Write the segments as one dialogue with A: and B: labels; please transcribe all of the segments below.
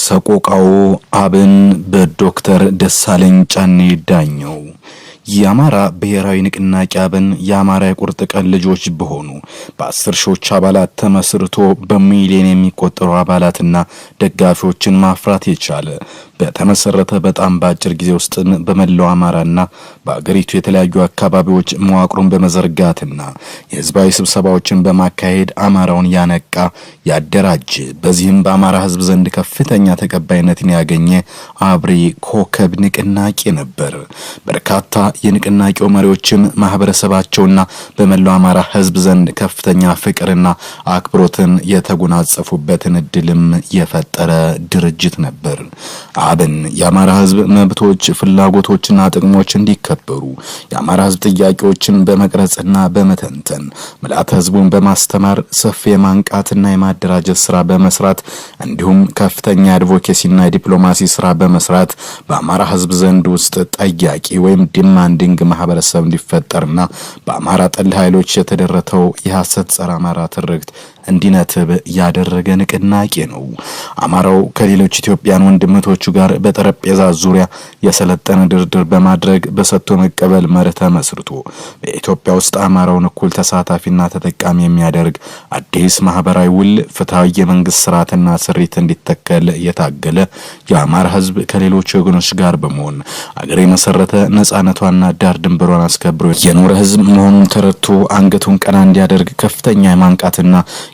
A: ሰቆቃው አብን በዶክተር ደሳለኝ ጫኔ ዳኘው የአማራ ብሔራዊ ንቅናቄ አብን የአማራ የቁርጥ ቀን ልጆች በሆኑ በአስር ሺዎች አባላት ተመስርቶ በሚሊዮን የሚቆጠሩ አባላትና ደጋፊዎችን ማፍራት የቻለ በተመሰረተ በጣም በአጭር ጊዜ ውስጥን በመላው አማራና በአገሪቱ የተለያዩ አካባቢዎች መዋቅሩን በመዘርጋትና የህዝባዊ ስብሰባዎችን በማካሄድ አማራውን ያነቃ ያደራጀ በዚህም በአማራ ህዝብ ዘንድ ከፍተኛ ተቀባይነትን ያገኘ አብሪ ኮከብ ንቅናቄ ነበር። በርካታ የንቅናቄው መሪዎችም ማህበረሰባቸውና በመላው አማራ ህዝብ ዘንድ ከፍተኛ ፍቅርና አክብሮትን የተጎናጸፉበትን እድልም የፈጠረ ድርጅት ነበር። አብን የአማራ ህዝብ መብቶች፣ ፍላጎቶችና ጥቅሞች እንዲከበሩ የአማራ ህዝብ ጥያቄዎችን በመቅረጽና በመተንተን ምልአተ ህዝቡን በማስተማር ሰፊ የማንቃትና የማ የማደራጀት ስራ በመስራት እንዲሁም ከፍተኛ የአድቮኬሲና የዲፕሎማሲ ስራ በመስራት በአማራ ህዝብ ዘንድ ውስጥ ጠያቂ ወይም ዲማንዲንግ ማህበረሰብ እንዲፈጠርና በአማራ ጠል ኃይሎች የተደረተው የሐሰት ጸረ አማራ ትርክት እንዲነትብ ያደረገ ንቅናቄ ነው። አማራው ከሌሎች ኢትዮጵያን ወንድምቶቹ ጋር በጠረጴዛ ዙሪያ የሰለጠነ ድርድር በማድረግ በሰጥቶ መቀበል መርህ ተመስርቶ በኢትዮጵያ ውስጥ አማራውን እኩል ተሳታፊና ተጠቃሚ የሚያደርግ አዲስ ማህበራዊ ውል፣ ፍትሐዊ የመንግስት ስርዓትና ስሪት እንዲተከል የታገለ የአማራ ህዝብ ከሌሎች ወገኖች ጋር በመሆን አገር የመሰረተ ነጻነቷና ዳር ድንበሯን አስከብሮ የኖረ ህዝብ መሆኑን ተረድቶ አንገቱን ቀና እንዲያደርግ ከፍተኛ የማንቃትና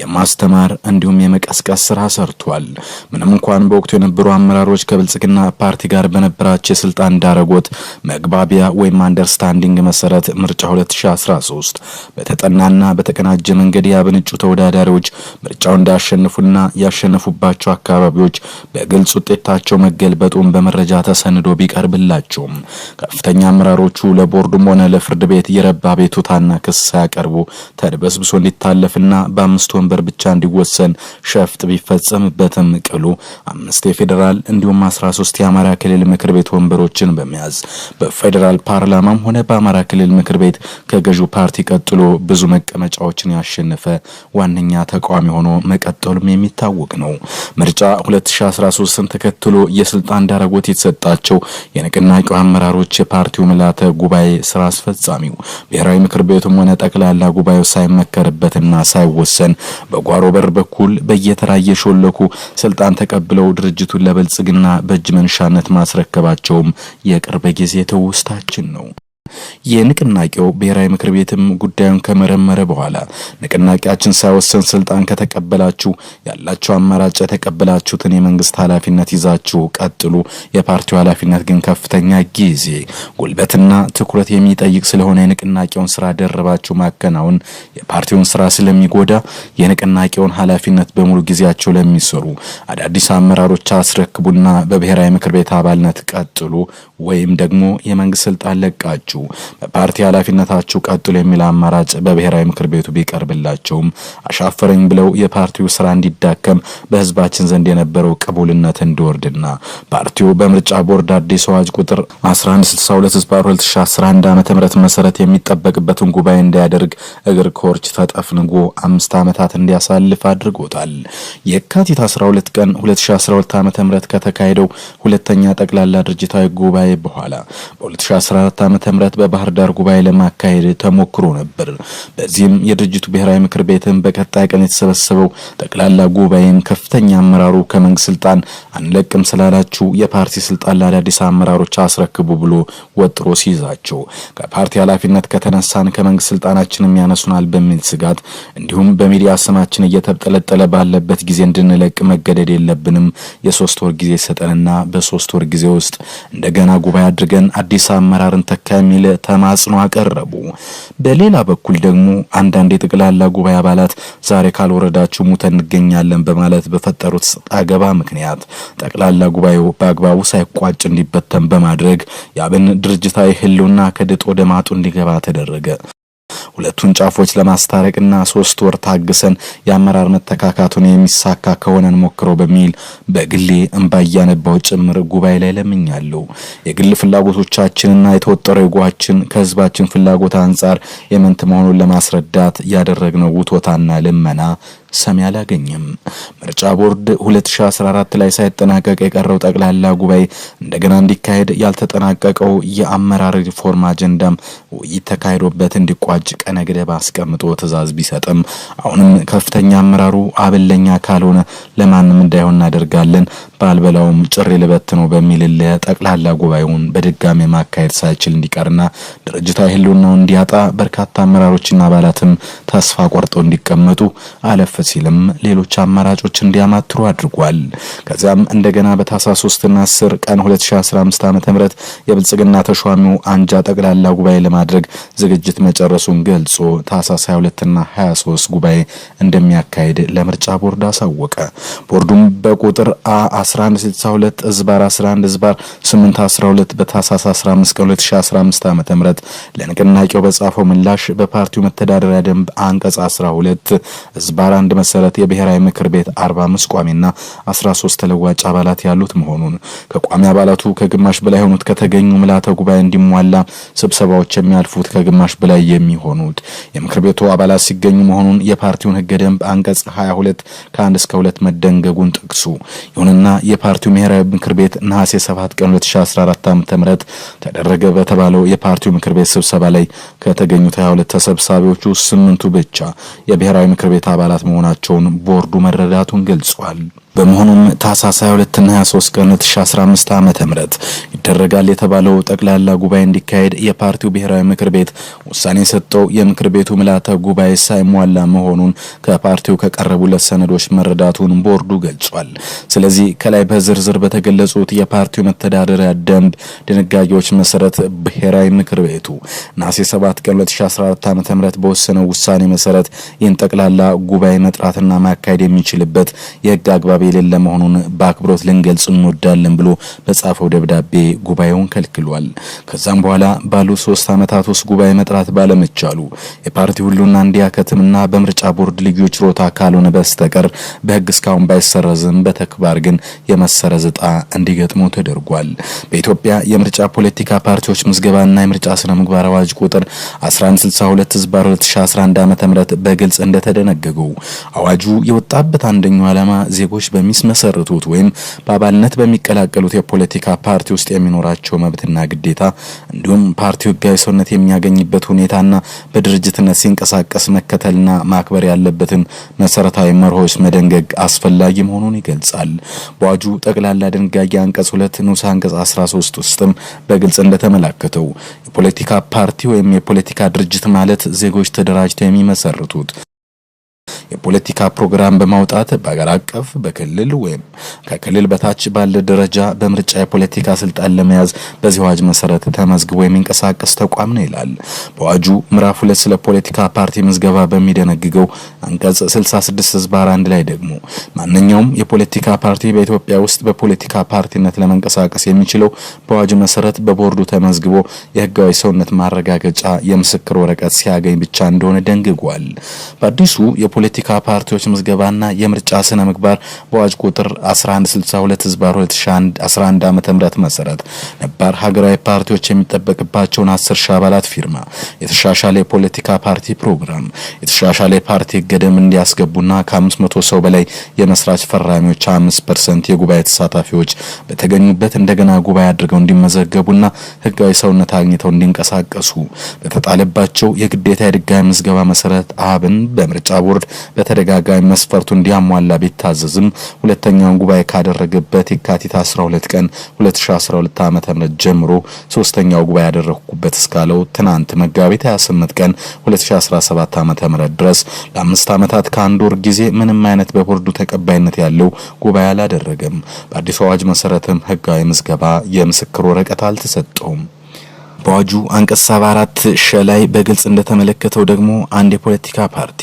A: የማስተማር እንዲሁም የመቀስቀስ ስራ ሰርቷል። ምንም እንኳን በወቅቱ የነበሩ አመራሮች ከብልጽግና ፓርቲ ጋር በነበራቸው የስልጣን ዳረጎት መግባቢያ ወይም አንደርስታንዲንግ መሰረት ምርጫ 2013 በተጠናና በተቀናጀ መንገድ የአብን ተወዳዳሪዎች ምርጫው እንዳሸንፉና ያሸነፉባቸው አካባቢዎች በግልጽ ውጤታቸው መገልበጡን በመረጃ ተሰንዶ ቢቀርብላቸውም ከፍተኛ አመራሮቹ ለቦርዱም ሆነ ለፍርድ ቤት የረባ ቤቱታና ክስ ሳያቀርቡ ተድበስብሶ እንዲታለፍና በአምስት ወንበር ድንበር ብቻ እንዲወሰን ሸፍጥ ቢፈጸምበትም ቅሉ አምስት የፌዴራል እንዲሁም 13 የአማራ ክልል ምክር ቤት ወንበሮችን በመያዝ በፌዴራል ፓርላማም ሆነ በአማራ ክልል ምክር ቤት ከገዢው ፓርቲ ቀጥሎ ብዙ መቀመጫዎችን ያሸነፈ ዋነኛ ተቃዋሚ ሆኖ መቀጠሉም የሚታወቅ ነው። ምርጫ 2013ን ተከትሎ የስልጣን ዳረጎት የተሰጣቸው የንቅናቄው አመራሮች የፓርቲው ምልዓተ ጉባኤ ስራ አስፈጻሚው ብሔራዊ ምክር ቤቱም ሆነ ጠቅላላ ጉባኤው ሳይመከርበትና ሳይወሰን በጓሮ በር በኩል በየተራ እየሾለኩ ስልጣን ተቀብለው ድርጅቱን ለብልጽግና በእጅ መንሻነት ማስረከባቸውም የቅርብ ጊዜ ትውስታችን ነው። የንቅናቄው ብሔራዊ ምክር ቤትም ጉዳዩን ከመረመረ በኋላ ንቅናቄያችን ሳይወሰን ስልጣን ከተቀበላችሁ ያላችሁ አማራጭ የተቀበላችሁትን የመንግስት ኃላፊነት ይዛችሁ ቀጥሉ፣ የፓርቲው ኃላፊነት ግን ከፍተኛ ጊዜ ጉልበትና ትኩረት የሚጠይቅ ስለሆነ የንቅናቄውን ስራ ደርባችሁ ማከናወን የፓርቲውን ስራ ስለሚጎዳ የንቅናቄውን ኃላፊነት በሙሉ ጊዜያቸው ለሚሰሩ አዳዲስ አመራሮች አስረክቡና በብሔራዊ ምክር ቤት አባልነት ቀጥሉ ወይም ደግሞ የመንግስት ስልጣን ለቃችሁ በፓርቲ ኃላፊነታቸው ቀጥሎ የሚል አማራጭ በብሔራዊ ምክር ቤቱ ቢቀርብላቸውም አሻፈረኝ ብለው የፓርቲው ስራ እንዲዳከም በህዝባችን ዘንድ የነበረው ቅቡልነት እንዲወርድና ፓርቲው በምርጫ ቦርድ አዲስ አዋጅ ቁጥር 1162/2011 ዓ.ም መሰረት የሚጠበቅበትን ጉባኤ እንዲያደርግ እግር ኮርች ተጠፍንጎ አምስት ዓመታት እንዲያሳልፍ አድርጎታል። የካቲት 12 ቀን 2012 ዓ.ም ከተካሄደው ሁለተኛ ጠቅላላ ድርጅታዊ ጉባኤ በኋላ በ2014 ዓ.ም ዓመት በባህር ዳር ጉባኤ ለማካሄድ ተሞክሮ ነበር። በዚህም የድርጅቱ ብሔራዊ ምክር ቤትን በቀጣይ ቀን የተሰበሰበው ጠቅላላ ጉባኤም ከፍተኛ አመራሩ ከመንግስት ስልጣን አንለቅም ስላላችሁ የፓርቲ ስልጣን ለአዳዲስ አመራሮች አስረክቡ ብሎ ወጥሮ ሲይዛቸው ከፓርቲ ኃላፊነት ከተነሳን ከመንግስት ስልጣናችንም ያነሱናል በሚል ስጋት እንዲሁም በሚዲያ ስማችን እየተጠለጠለ ባለበት ጊዜ እንድንለቅ መገደድ የለብንም። የሶስት ወር ጊዜ ሰጠንና በሶስት ወር ጊዜ ውስጥ እንደገና ጉባኤ አድርገን አዲስ አመራርን ተካ የሚል የሚል ተማጽኖ አቀረቡ። በሌላ በኩል ደግሞ አንዳንድ የጠቅላላ ጉባኤ አባላት ዛሬ ካልወረዳችሁ ሙተን እንገኛለን በማለት በፈጠሩት ሰጣገባ ምክንያት ጠቅላላ ጉባኤው በአግባቡ ሳይቋጭ እንዲበተን በማድረግ የአብን ድርጅታዊ ህልውና ከድጦ ወደ ማጡ እንዲገባ ተደረገ። ሁለቱን ጫፎች ለማስታረቅና ሶስት ወር ታግሰን የአመራር መተካካቱን የሚሳካ ከሆነ እንሞክረው በሚል በግሌ እንባ እያነባው ጭምር ጉባኤ ላይ ለምኛለሁ። የግል ፍላጎቶቻችንና የተወጠረው የጓችን ከህዝባችን ፍላጎት አንጻር የመንት መሆኑን ለማስረዳት ያደረግነው ውቶታና ልመና ሰሚ አላገኘም። ምርጫ ቦርድ 2014 ላይ ሳይጠናቀቅ የቀረው ጠቅላላ ጉባኤ እንደገና እንዲካሄድ ያልተጠናቀቀው የአመራር ሪፎርም አጀንዳም ውይይት ተካሂዶበት እንዲቋጭ ቀነ ገደብ አስቀምጦ ትዕዛዝ ቢሰጥም አሁንም ከፍተኛ አመራሩ አብለኛ ካልሆነ ለማንም እንዳይሆን እናደርጋለን ባልበላውም ጭሪ ልበት ነው በሚል ጠቅላላ ጉባኤውን በድጋሚ ማካሄድ ሳይችል እንዲቀርና ድርጅታዊ ህልውናውን እንዲያጣ በርካታ አመራሮችና አባላትም ተስፋ ቆርጠው እንዲቀመጡ አለፍ ሲልም ሌሎች አማራጮች እንዲያማትሩ አድርጓል። ከዚያም እንደገና በታህሳስ 3 እና 10 ቀን 2015 ዓ.ም የብልጽግና ተሿሚው አንጃ ጠቅላላ ጉባኤ ለማድረግ ዝግጅት መጨረሱን ገልጾ ታህሳስ 22 እና 23 ጉባኤ እንደሚያካሄድ ለምርጫ ቦርድ አሳወቀ። ቦርዱም በቁጥር አ 1162 ዝባር 11 ዝባር 812 በታህሳስ 15 ቀን 2015 ዓ.ም ለንቅናቄው በጻፈው ምላሽ በፓርቲው መተዳደሪያ ደንብ አንቀጽ 12 ዝባር አንድ መሰረት የብሔራዊ ምክር ቤት 45 ቋሚና 13 ተለዋጭ አባላት ያሉት መሆኑን ከቋሚ አባላቱ ከግማሽ በላይ የሆኑት ከተገኙ ምልዓተ ጉባኤ እንዲሟላ ስብሰባዎች የሚያልፉት ከግማሽ በላይ የሚሆኑት የምክር ቤቱ አባላት ሲገኙ መሆኑን የፓርቲውን ህገ ደንብ አንቀጽ 22 ከ1 እስከ 2 መደንገጉን ጠቅሱ። ይሁንና የፓርቲው ብሔራዊ ምክር ቤት ነሐሴ 7 ቀን 2014 ዓ.ም ተደረገ በተባለው የፓርቲው ምክር ቤት ስብሰባ ላይ ከተገኙት 22 ተሰብሳቢዎቹ ስምንቱ ብቻ የብሔራዊ ምክር ቤት አባላት መሆ መሆናቸውን ቦርዱ መረዳቱን ገልጿል። በመሆኑም ታህሳስ 22 እና 23 ቀን 2015 ዓመተ ምህረት ይደረጋል የተባለው ጠቅላላ ጉባኤ እንዲካሄድ የፓርቲው ብሔራዊ ምክር ቤት ውሳኔ ሰጠው። የምክር ቤቱ ምልዓተ ጉባኤ ሳይሟላ መሆኑን ከፓርቲው ከቀረቡለት ሰነዶች መረዳቱን ቦርዱ ገልጿል። ስለዚህ ከላይ በዝርዝር በተገለጹት የፓርቲው መተዳደሪያ ደንብ ድንጋጌዎች መሰረት ብሔራዊ ምክር ቤቱ ነሐሴ 7 ቀን 2014 ዓ.ም በወሰነው ውሳኔ መሰረት ይህን ጠቅላላ ጉባኤ መጥራትና ማካሄድ የሚችልበት የህግ አግባብ የሌለ መሆኑን በአክብሮት ልንገልጽ እንወዳለን ብሎ በጻፈው ደብዳቤ ጉባኤውን ከልክሏል። ከዛም በኋላ ባሉት ሶስት ዓመታት ውስጥ ጉባኤ መጥራት ባለመቻሉ የፓርቲ ሁሉና እንዲያከትምና በምርጫ ቦርድ ልዩ ችሮታ ካልሆነ በስተቀር በህግ እስካሁን ባይሰረዝም በተግባር ግን የመሰረዝ ዕጣ እንዲገጥሙ ተደርጓል። በኢትዮጵያ የምርጫ ፖለቲካ ፓርቲዎች ምዝገባና የምርጫ ስነ ምግባር አዋጅ ቁጥር 1162 ህዝባር 2011 ዓ.ም በግልጽ እንደተደነገገው አዋጁ የወጣበት አንደኛው ዓላማ ዜጎች በሚመሰርቱት ወይም በአባልነት በሚቀላቀሉት የፖለቲካ ፓርቲ ውስጥ የሚኖራቸው መብትና ግዴታ እንዲሁም ፓርቲው ሕጋዊ ሰውነት የሚያገኝበት ሁኔታና በድርጅትነት ሲንቀሳቀስ መከተልና ማክበር ያለበትን መሰረታዊ መርሆች መደንገግ አስፈላጊ መሆኑን ይገልጻል። በአዋጁ ጠቅላላ ድንጋጌ አንቀጽ ሁለት ንዑስ አንቀጽ 13 ውስጥም በግልጽ እንደተመላከተው የፖለቲካ ፓርቲ ወይም የፖለቲካ ድርጅት ማለት ዜጎች ተደራጅተው የሚመሰርቱት የፖለቲካ ፕሮግራም በማውጣት በአገር አቀፍ፣ በክልል ወይም ከክልል በታች ባለ ደረጃ በምርጫ የፖለቲካ ስልጣን ለመያዝ በዚህ አዋጅ መሰረት ተመዝግቦ የሚንቀሳቀስ ተቋም ነው ይላል። በአዋጁ ምዕራፍ ሁለት ስለ ፖለቲካ ፓርቲ ምዝገባ በሚደነግገው አንቀጽ 66 ህዝባር አንድ ላይ ደግሞ ማንኛውም የፖለቲካ ፓርቲ በኢትዮጵያ ውስጥ በፖለቲካ ፓርቲነት ለመንቀሳቀስ የሚችለው በአዋጁ መሰረት በቦርዱ ተመዝግቦ የህጋዊ ሰውነት ማረጋገጫ የምስክር ወረቀት ሲያገኝ ብቻ እንደሆነ ደንግጓል። በአዲሱ የፖለቲ የፖለቲካ ፓርቲዎች ምዝገባና የምርጫ ስነ ምግባር በአዋጅ ቁጥር 1162 ህዝባር 2011 ዓ ም መሰረት ነባር ሀገራዊ ፓርቲዎች የሚጠበቅባቸውን 10 ሺህ አባላት ፊርማ፣ የተሻሻለ የፖለቲካ ፓርቲ ፕሮግራም፣ የተሻሻለ የፓርቲ ገደም እንዲያስገቡና ከ500 ሰው በላይ የመስራች ፈራሚዎች 5 ፐርሰንት የጉባኤ ተሳታፊዎች በተገኙበት እንደገና ጉባኤ አድርገው እንዲመዘገቡና ህጋዊ ሰውነት አግኝተው እንዲንቀሳቀሱ በተጣለባቸው የግዴታ የድጋሚ ምዝገባ መሰረት አብን በምርጫ ቦርድ በተደጋጋሚ መስፈርቱ እንዲያሟላ ቢታዘዝም ሁለተኛውን ጉባኤ ካደረገበት የካቲት 12 ቀን 2012 ዓ.ም ጀምሮ ሶስተኛው ጉባኤ ያደረግኩበት እስካለው ትናንት መጋቢት 28 ቀን 2017 ዓ.ም ድረስ ለአምስት ዓመታት ከአንድ ወር ጊዜ ምንም አይነት በቦርዱ ተቀባይነት ያለው ጉባኤ አላደረገም። በአዲሱ አዋጅ መሰረትም ህጋዊ ምዝገባ የምስክር ወረቀት አልተሰጠውም። በአዋጁ አንቀጽ 74 ሸ ላይ በግልጽ እንደተመለከተው ደግሞ አንድ የፖለቲካ ፓርቲ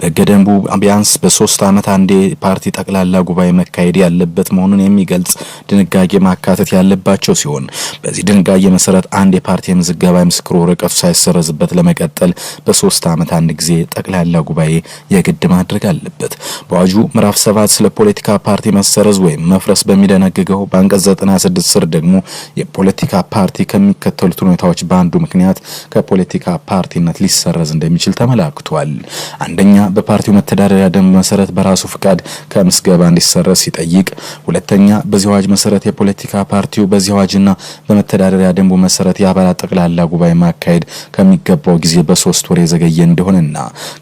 A: በገደንቡ ደንቡ ቢያንስ በሶስት ዓመት አንዴ ፓርቲ ጠቅላላ ጉባኤ መካሄድ ያለበት መሆኑን የሚገልጽ ድንጋጌ ማካተት ያለባቸው ሲሆን በዚህ ድንጋጌ መሰረት አንድ የፓርቲ የምዝገባ ምስክር ወረቀቱ ሳይሰረዝበት ለመቀጠል በሶስት ዓመት አንድ ጊዜ ጠቅላላ ጉባኤ የግድ ማድረግ አለበት። በአዋጁ ምዕራፍ ሰባት ስለ ፖለቲካ ፓርቲ መሰረዝ ወይም መፍረስ በሚደነግገው በአንቀጽ 96 ስር ደግሞ የፖለቲካ ፓርቲ ከሚከተሉት ሁኔታዎች በአንዱ ምክንያት ከፖለቲካ ፓርቲነት ሊሰረዝ እንደሚችል ተመላክቷል። አንደኛ በፓርቲው መተዳደሪያ ደንብ መሰረት በራሱ ፍቃድ ከምስገባ እንዲሰረዝ ሲጠይቅ፣ ሁለተኛ በዚህ አዋጅ መሰረት የፖለቲካ ፓርቲው በዚህ አዋጅና በመተዳደሪያ ደንቡ መሰረት የአባላት ጠቅላላ ጉባኤ ማካሄድ ከሚገባው ጊዜ በሶስት ወር የዘገየ እንደሆነና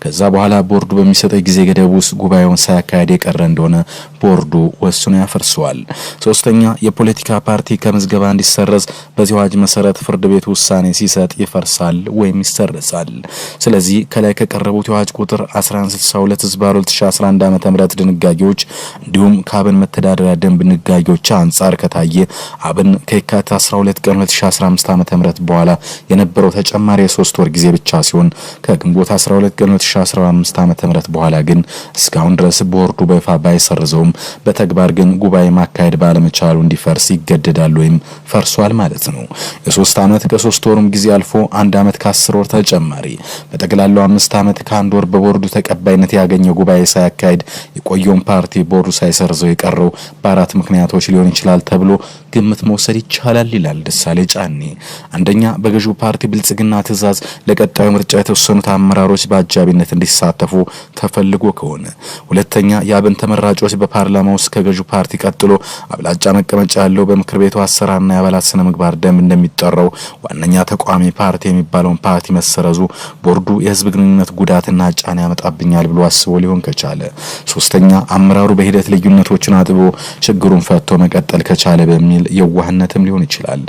A: ከዛ በኋላ ቦርዱ በሚሰጠው ጊዜ ገደብ ውስጥ ጉባኤውን ሳያካሄድ የቀረ እንደሆነ ቦርዱ ወስኖ ያፈርሰዋል። ሶስተኛ የፖለቲካ ፓርቲ ከምዝገባ እንዲሰረዝ በዚህ አዋጅ መሰረት ፍርድ ቤቱ ቤት ውሳኔ ሲሰጥ ይፈርሳል ወይም ይሰረዛል። ስለዚህ ከላይ ከቀረቡት የአዋጅ ቁጥር 1162 ዝባ 2011 ዓ.ም ድንጋጌዎች እንዲሁም ከአብን መተዳደሪያ ደንብ ድንጋጌዎች አንጻር ከታየ አብን ከየካቲት 12 ቀን 2015 ዓ.ም በኋላ የነበረው ተጨማሪ የሶስት ወር ጊዜ ብቻ ሲሆን ከግንቦት 12 ቀን 2015 ዓ.ም በኋላ ግን እስካሁን ድረስ ቦርዱ በይፋ ባይሰርዘውም በተግባር ግን ጉባኤ ማካሄድ ባለመቻሉ እንዲፈርስ ይገደዳል ወይም ፈርሷል ማለት ነው። የሶስት ዓመት በሶስት ወሩም ጊዜ አልፎ አንድ አመት ከአስር ወር ተጨማሪ በጠቅላላው አምስት አመት ከአንድ ወር በቦርዱ ተቀባይነት ያገኘ ጉባኤ ሳያካሄድ የቆየውን ፓርቲ ቦርዱ ሳይሰርዘው የቀረው በአራት ምክንያቶች ሊሆን ይችላል ተብሎ ግምት መውሰድ ይቻላል ይላል ደሳሌ ጫኔ። አንደኛ በገዢው ፓርቲ ብልጽግና ትዕዛዝ ለቀጣዩ ምርጫ የተወሰኑት አመራሮች በአጃቢነት እንዲሳተፉ ተፈልጎ ከሆነ፣ ሁለተኛ የአብን ተመራጮች በፓርላማ ውስጥ ከገዢው ፓርቲ ቀጥሎ አብላጫ መቀመጫ ያለው በምክር ቤቱ አሰራርና የአባላት ስነ ምግባር ደንብ እንደሚጠራው ዋነኛ ተቋሚ ፓርቲ የሚባለውን ፓርቲ መሰረዙ ቦርዱ የህዝብ ግንኙነት ጉዳትና ጫና ያመጣብኛል ብሎ አስቦ ሊሆን ከቻለ፣ ሶስተኛ አመራሩ በሂደት ልዩነቶችን አጥቦ ችግሩን ፈቶ መቀጠል ከቻለ በሚል የዋህነትም ሊሆን ይችላል።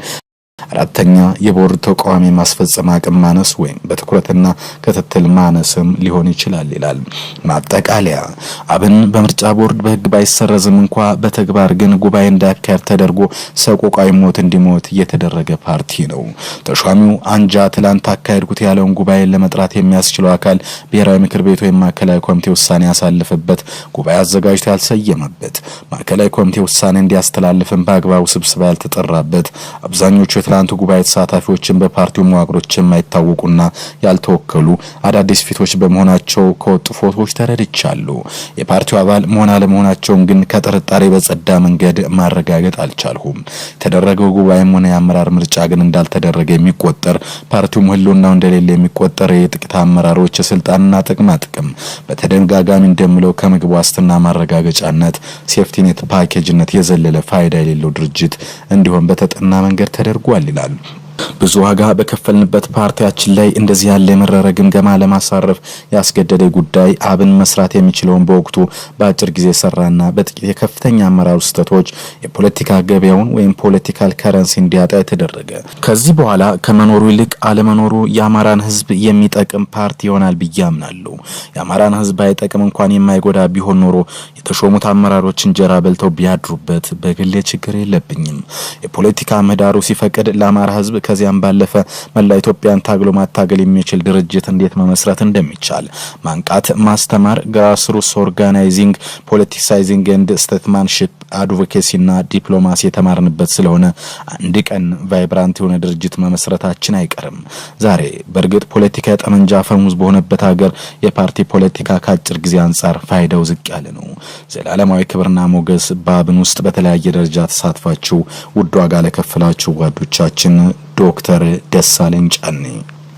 A: አራተኛ የቦርድ ተቋሚ ማስፈጸም አቅም ማነስ ወይም በትኩረትና ክትትል ማነስም ሊሆን ይችላል ይላል። ማጠቃለያ አብን በምርጫ ቦርድ በህግ ባይሰረዝም እንኳ በተግባር ግን ጉባኤ እንዳያካሄድ ተደርጎ ሰቆቃዊ ሞት እንዲሞት እየተደረገ ፓርቲ ነው። ተሿሚው አንጃ ትላንት አካሄድኩት ያለውን ጉባኤ ለመጥራት የሚያስችለው አካል ብሔራዊ ምክር ቤት ወይም ማዕከላዊ ኮሚቴ ውሳኔ ያሳለፈበት፣ ጉባኤ አዘጋጅቶ ያልሰየመበት፣ ማዕከላዊ ኮሚቴ ውሳኔ እንዲያስተላልፍም በአግባቡ ስብሰባ ያልተጠራበት አብዛኞቹ የትናንቱ ጉባኤ ተሳታፊዎችን በፓርቲው መዋቅሮች የማይታወቁና ያልተወከሉ አዳዲስ ፊቶች በመሆናቸው ከወጡ ፎቶዎች ተረድቻሉ። የፓርቲው አባል መሆን አለመሆናቸውን ግን ከጥርጣሬ በጸዳ መንገድ ማረጋገጥ አልቻልሁም። የተደረገው ጉባኤም ሆነ የአመራር ምርጫ ግን እንዳልተደረገ የሚቆጠር ፓርቲውም ህልውናው እንደሌለ የሚቆጠር የጥቂት አመራሮች የስልጣንና ጥቅማ ጥቅም በተደጋጋሚ እንደምለው ከምግብ ዋስትና ማረጋገጫነት ሴፍቲኔት ፓኬጅነት የዘለለ ፋይዳ የሌለው ድርጅት እንዲሆን በተጠና መንገድ ተደርጓል። ይገባል ይላሉ። ብዙ ዋጋ በከፈልንበት ፓርቲያችን ላይ እንደዚህ ያለ የመረረ ግምገማ ለማሳረፍ ያስገደደ ጉዳይ አብን መስራት የሚችለውን በወቅቱ በአጭር ጊዜ ሰራና በጥቂት የከፍተኛ አመራር ስህተቶች የፖለቲካ ገበያውን ወይም ፖለቲካል ከረንሲ እንዲያጣ የተደረገ ከዚህ በኋላ ከመኖሩ ይልቅ አለመኖሩ የአማራን ህዝብ የሚጠቅም ፓርቲ ይሆናል ብዬ አምናለሁ። የአማራን ህዝብ አይጠቅም እንኳን የማይጎዳ ቢሆን ኖሮ የተሾሙት አመራሮች እንጀራ በልተው ቢያድሩበት በግሌ ችግር የለብኝም። የፖለቲካ ምህዳሩ ሲፈቅድ ለአማራ ህዝብ ከዚያም ባለፈ መላ ኢትዮጵያን ታግሎ ማታገል የሚችል ድርጅት እንዴት መመስረት እንደሚቻል ማንቃት፣ ማስተማር፣ ግራስሩስ ኦርጋናይዚንግ፣ ፖለቲሳይዚንግ ኤንድ ስቴትማንሽፕ አድቮኬሲና ዲፕሎማሲ የተማርንበት ስለሆነ አንድ ቀን ቫይብራንት የሆነ ድርጅት መመስረታችን አይቀርም። ዛሬ በእርግጥ ፖለቲካ የጠመንጃ ፈሙዝ በሆነበት ሀገር የፓርቲ ፖለቲካ ከአጭር ጊዜ አንጻር ፋይዳው ዝቅ ያለ ነው። ዘላለማዊ ክብርና ሞገስ በአብን ውስጥ በተለያየ ደረጃ ተሳትፋችሁ ውድ ዋጋ ለከፍላችሁ ጓዶቻችን ዶክተር ደሳለኝ ጫኔ